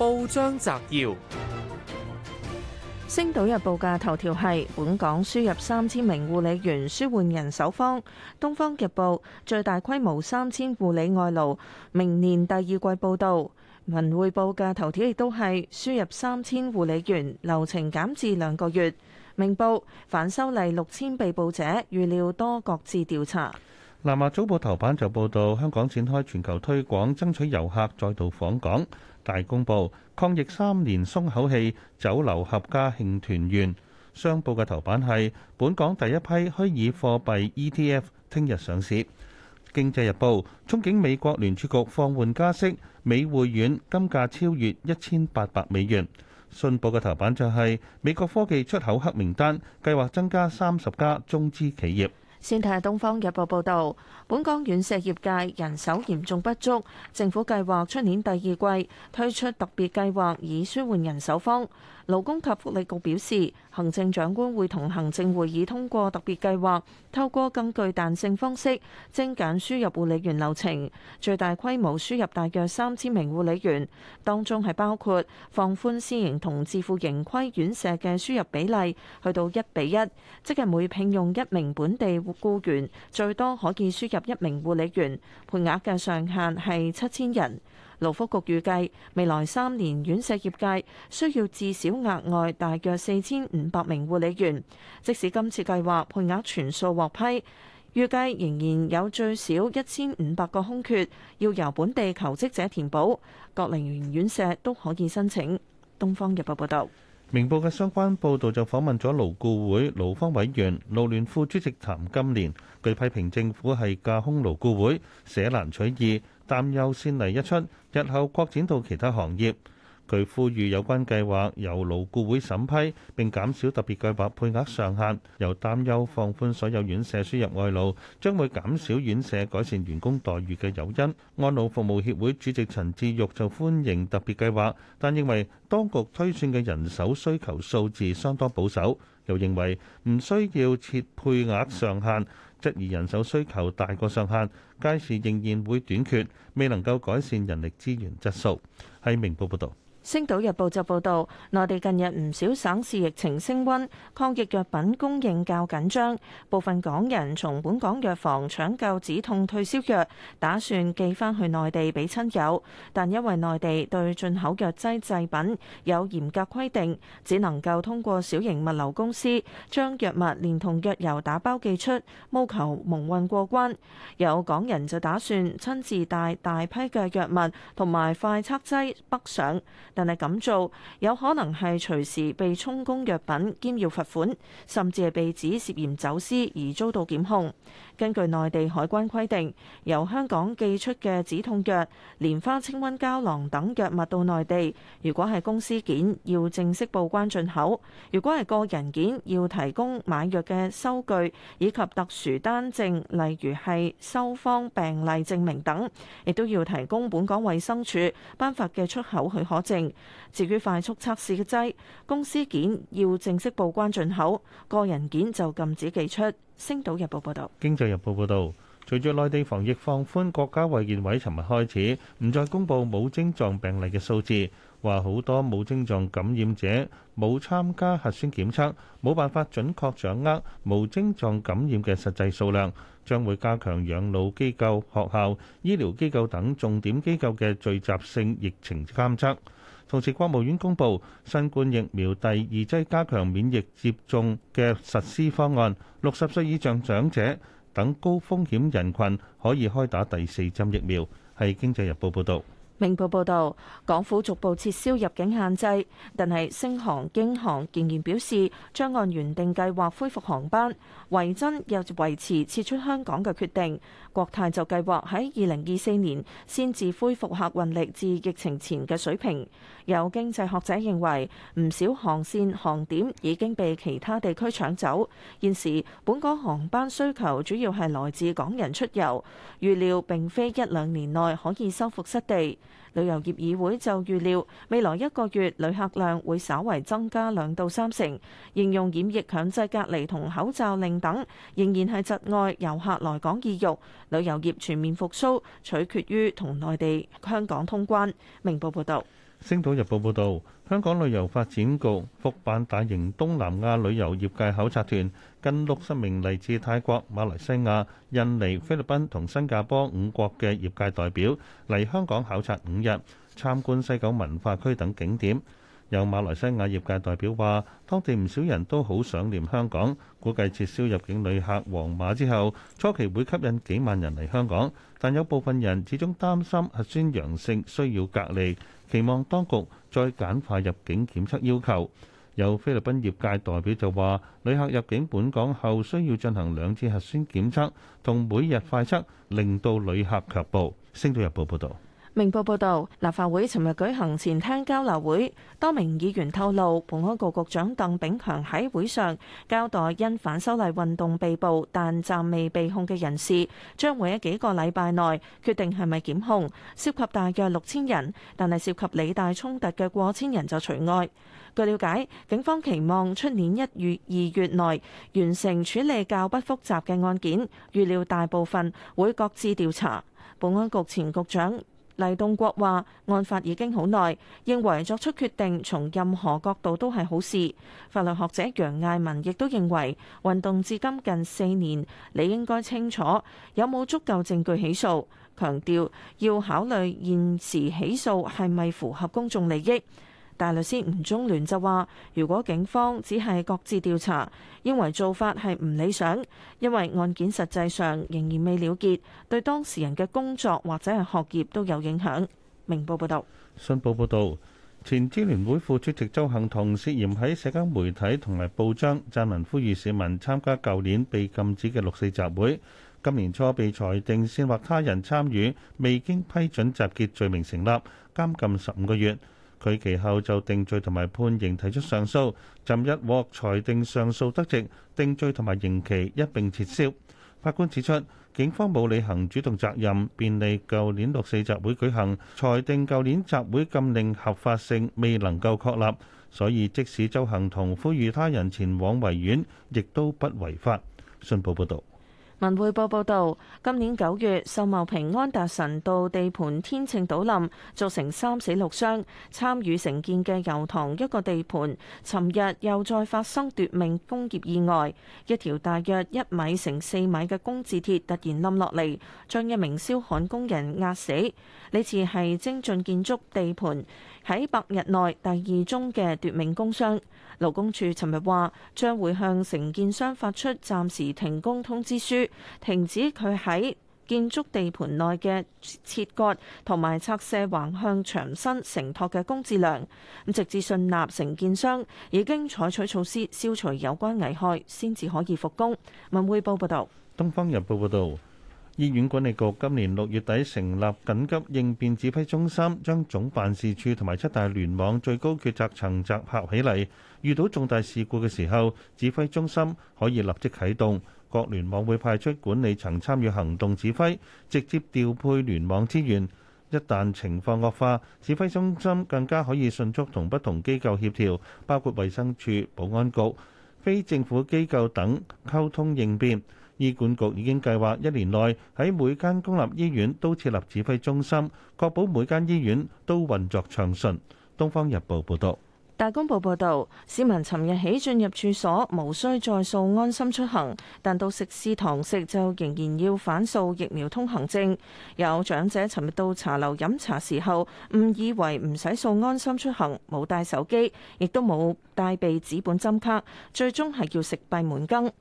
報章摘要：星島日報嘅頭條係本港輸入三千名護理員，舒緩人手方；東方日報最大規模三千護理外勞，明年第二季報道。文匯報嘅頭條亦都係輸入三千護理員，流程減至兩個月。明報反修例六千被捕者，預料多各自調查。南華早報頭版就報道香港展開全球推廣，爭取遊客再度訪港。大公報抗疫三年鬆口氣，酒樓合家慶團圓。商報嘅頭版係本港第一批虛擬貨幣 ETF 聽日上市。經濟日報憧憬美國聯儲局放緩加息，美匯軟，金價超越一千八百美元。信報嘅頭版就係、是、美國科技出口黑名單計劃增加三十家中資企業。先睇下《東方日報》報道：本港軟石業界人手嚴重不足，政府計劃出年第二季推出特別計劃，以舒緩人手荒。勞工及福利局表示，行政長官會同行政會議通過特別計劃，透過更具彈性方式精簡輸入護理員流程，最大規模輸入大約三千名護理員，當中係包括放寬私營同自負盈虧院舍嘅輸入比例，去到一比一，即係每聘用一名本地僱員，最多可以輸入一名護理員，配額嘅上限係七千人。勞福局預計未來三年院舍業界需要至少額外大約四千五百名護理員，即使今次計劃配額全數獲批，預計仍然有最少一千五百個空缺要由本地求職者填補，各齡院,院舍都可以申請。東方日報報道，明報嘅相關報道就訪問咗勞雇會勞方委員勞聯副主席譚金蓮，佢批評政府係架空勞雇會，捨難取易。擔憂先例一出，日後擴展到其他行業。佢呼籲有關計劃由勞顧會審批，並減少特別計劃配額上限。又擔憂放寬所有院舍輸入外勞，將會減少院舍改善員工待遇嘅誘因。安老服務協會主席陳志玉就歡迎特別計劃，但認為當局推算嘅人手需求數字相當保守，又認為唔需要設配額上限。質疑人手需求大過上限，屆時仍然會短缺，未能夠改善人力資源質素。喺明報報道。《星島日報》就報導，內地近日唔少省市疫情升溫，抗疫藥品供應較緊張。部分港人從本港藥房搶救止痛退燒藥，打算寄翻去內地俾親友，但因為內地對進口藥劑製品有嚴格規定，只能夠通過小型物流公司將藥物連同藥油打包寄出，務求蒙混過關。有港人就打算親自帶大批嘅藥物同埋快測劑北上。但係咁做，有可能係隨時被充公藥品、兼要罰款，甚至係被指涉嫌走私而遭到檢控。根據內地海關規定，由香港寄出嘅止痛藥、蓮花清瘟膠囊等藥物到內地，如果係公司件，要正式報關進口；如果係個人件，要提供買藥嘅收據以及特殊單證，例如係收方病例證明等，亦都要提供本港衛生署頒發嘅出口許可證。至於快速測試嘅劑，公司件要正式報關進口，個人件就禁止寄出。星島日報報道。經濟日報報道，隨住內地防疫放寬，國家衛健委尋日開始唔再公布無症狀病例嘅數字，話好多無症狀感染者冇參加核酸檢測，冇辦法準確掌握無症狀感染嘅實際數量，將會加強養老機構、學校、醫療機構等重點機構嘅聚集性疫情監測。同時，國務院公布新冠疫苗第二劑加強免疫接種嘅實施方案，六十歲以上長者等高風險人群可以開打第四針疫苗。係《經濟日報》報道。明報報導，港府逐步撤銷入境限制，但係星航、京航仍然表示將按原定計劃恢復航班。維珍又維持撤出香港嘅決定。國泰就計劃喺二零二四年先至恢復客運力至疫情前嘅水平。有經濟學者認為，唔少航線、航點已經被其他地區搶走。現時本港航班需求主要係來自港人出遊，預料並非一兩年內可以收復失地。旅遊業議會就預料未來一個月旅客量會稍為增加兩到三成，形容染疫強制隔離同口罩令等仍然係窒礙遊客來港意欲。旅遊業全面復甦取決於同內地、香港通關。明報報道。星島日報報道，香港旅遊發展局，復辦大型東南亞旅遊業界考察團，近六十名來自泰國、馬來西亞、印尼、菲律賓和新加坡五國的業界代表，來香港考察五日，參觀西九文化區等景點。有馬來西亞業界代表話，當地不少人都很想念香港，估計撤銷入境旅客黃碼之後，初期會吸引幾萬人來香港，但有部分人始終擔心核酸陽性需要隔離。期望當局再簡化入境檢測要求。有菲律賓業界代表就話：旅客入境本港後，需要進行兩次核酸檢測同每日快測，令到旅客卻步。星島日報報導。明報報導，立法會尋日舉行前廳交流會，多名議員透露，保安局局長鄧炳強喺會上交代，因反修例運動被捕但暫未被控嘅人士，將會喺幾個禮拜內決定係咪檢控，涉及大約六千人，但係涉及理大衝突嘅過千人就除外。據了解，警方期望出年一月二月內完成處理較不複雜嘅案件，預料大部分會各自調查。保安局前局長。黎棟國話案發已經好耐，認為作出決定從任何角度都係好事。法律學者楊艾文亦都認為運動至今近四年，你應該清楚有冇足夠證據起訴，強調要考慮現時起訴係咪符合公眾利益。大律師吳中聯就話，如果警方只係各自調查，認為做法係唔理想，因為案件實際上仍然未了結，對當事人嘅工作或者係學業都有影響。明報報道。信報報導，前支聯會副主席鄒幸彤涉嫌喺社交媒體同埋報章撰文呼籲市民參加舊年被禁止嘅六四集會，今年初被裁定煽惑他人參與，未經批准集結罪名成立，監禁十五個月。佢其後就定罪同埋判刑提出上訴，尋日獲裁定上訴得直，定罪同埋刑期一並撤銷。法官指出，警方冇履行主動責任，便利舊年六四集會舉行，裁定舊年集會禁令合法性未能夠確立，所以即使鄒幸彤呼籲他人前往維園，亦都不違法。信報報導。文匯報報道，今年九月，秀茂坪安達臣道地盤天秤倒冧，造成三死六傷。參與承建嘅油塘一個地盤，尋日又再發生奪命工業意外，一條大約一米乘四米嘅工字鐵突然冧落嚟，將一名燒焊工人壓死。呢次係精進建築地盤。喺百日內第二宗嘅奪命工傷，勞工處尋日話將會向承建商發出暫時停工通知書，停止佢喺建築地盤內嘅切割同埋拆卸橫向牆身承托嘅工字梁，咁直至信納承建商已經採取措施消除有關危害先至可以復工。文匯報報道。《東方日報》報道。醫院管理局今年六月底成立緊急應變指揮中心，將總辦事處同埋七大聯網最高決策層集合起嚟。遇到重大事故嘅時候，指揮中心可以立即啟動，各聯網會派出管理層參與行動指揮，直接調配聯網資源。一旦情況惡化，指揮中心更加可以迅速同不同機構協調，包括衛生署、保安局、非政府機構等溝通應變。醫管局已經計劃一年內喺每間公立醫院都設立指揮中心，確保每間醫院都運作暢順。《東方日報》報道，《大公報》報道，市民尋日起進入處所無需再掃安心出行，但到食肆堂食就仍然要反掃疫苗通行證。有長者尋日到茶樓飲茶時候，誤以為唔使掃安心出行，冇帶手機，亦都冇帶備紙本針卡，最終係要食閉門羹。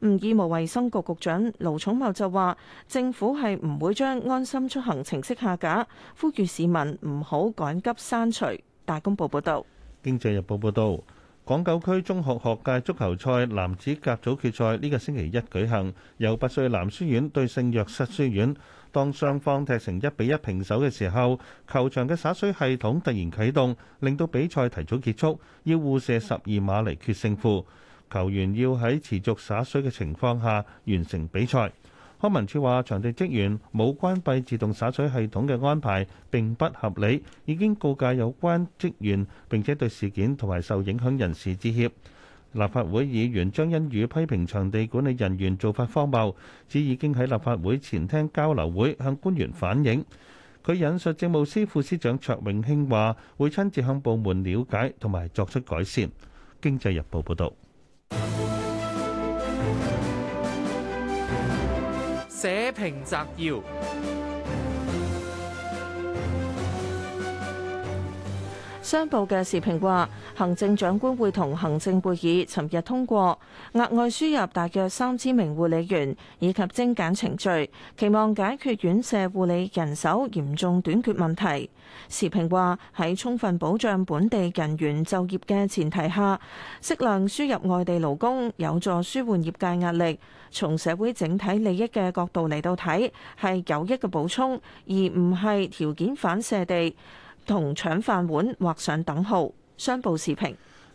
醫務衛生局局長盧寵茂就話：政府係唔會將安心出行程式下架，呼籲市民唔好趕急刪除。大公報報導，《經濟日報》報導，港九區中學學界足球賽男子甲組決賽呢個星期一舉行，由拔萃男書院對聖若瑟書院。當雙方踢成一比一平手嘅時候，球場嘅灑水系統突然啟動，令到比賽提早結束，要互射十二碼嚟決勝負。球員要喺持續灑水嘅情況下完成比賽。康文署話，場地職員冇關閉自動灑水系統嘅安排並不合理，已經告誡有關職員，並且對事件同埋受影響人士致歉。立法會議員張欣宇批評場地管理人員做法荒謬，指已經喺立法會前廳交流會向官員反映。佢引述政務司副司長卓永興話，會親自向部門瞭解同埋作出改善。經濟日報報導。報章摘要。商報嘅時評話，行政長官會同行政會議尋日通過額外輸入大約三千名護理員，以及精簡程序，期望解決院舍護理人手嚴重短缺問題。時評話喺充分保障本地人員就業嘅前提下，適量輸入外地勞工，有助舒緩業界壓力。從社會整體利益嘅角度嚟到睇，係有益嘅補充，而唔係條件反射地同搶飯碗畫上等號。商報視頻。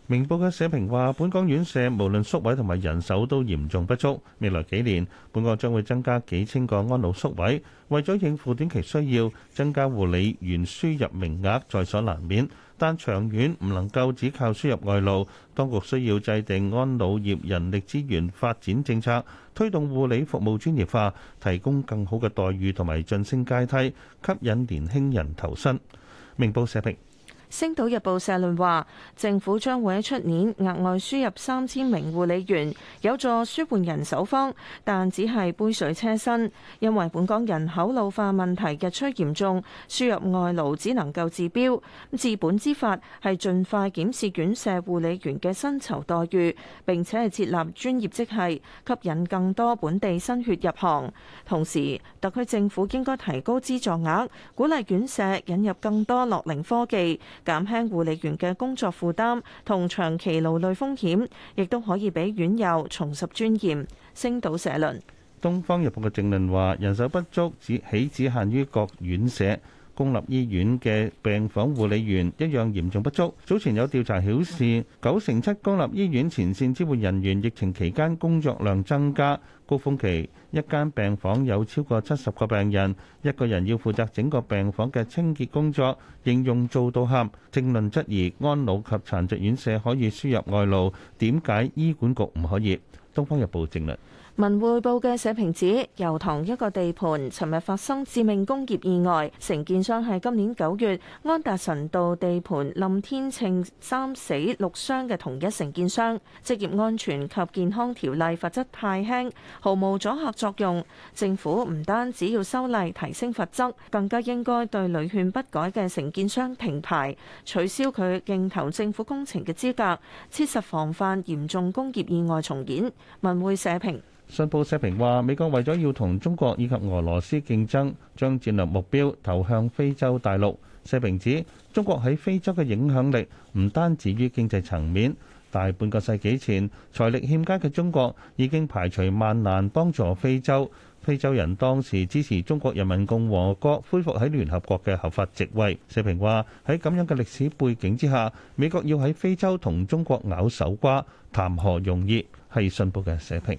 明報嘅社評話：本港院舍無論宿位同埋人手都嚴重不足，未來幾年本港將會增加幾千個安老宿位。為咗應付短期需要，增加護理員輸入名額在所難免，但長遠唔能夠只靠輸入外勞。當局需要制定安老業人力資源發展政策，推動護理服務專業化，提供更好嘅待遇同埋晉升階梯，吸引年輕人投身。明報社評。星島日報社論話，政府將會喺出年額外輸入三千名護理員，有助舒緩人手荒。但只係杯水車薪，因為本港人口老化問題日趨嚴重，輸入外勞只能夠治標。治本之法係盡快檢視院舍護理員嘅薪酬待遇，並且係設立專業職系，吸引更多本地新血入行。同時，特區政府應該提高資助額，鼓勵院舍引入更多樂齡科技。減輕護理員嘅工作負擔同長期勞累風險，亦都可以俾院友重拾尊嚴，星島社論。《東方日報》嘅正論話：人手不足只豈止限於各院舍。公立醫院嘅病房護理員一樣嚴重不足。早前有調查顯示，九成七公立醫院前線支援人員疫情期間工作量增加，高峰期一間病房有超過七十個病人，一個人要負責整個病房嘅清潔工作，形容做到喊。正論質疑安老及殘疾院舍可以輸入外勞，點解醫管局唔可以？《東方日報》正論。文匯報嘅社評指油塘一個地盤尋日發生致命工業意外，承建商係今年九月安達臣道地盤林天秤三死六傷嘅同一承建商。職業安全及健康條例罰則太輕，毫無阻嚇作用。政府唔單止要修例提升罰則，更加應該對屢勸不改嘅承建商停牌，取消佢競投政府工程嘅資格，切實防範嚴重工業意外重演。文匯報社評。信報社評話：美國為咗要同中國以及俄羅斯競爭，將戰略目標投向非洲大陸。社評指中國喺非洲嘅影響力唔單止於經濟層面。大半個世紀前，財力欠佳嘅中國已經排除萬難幫助非洲。非洲人當時支持中國人民共和國恢復喺聯合國嘅合法席位。社評話，喺咁樣嘅歷史背景之下，美國要喺非洲同中國咬手瓜，談何容易？係信報嘅社評。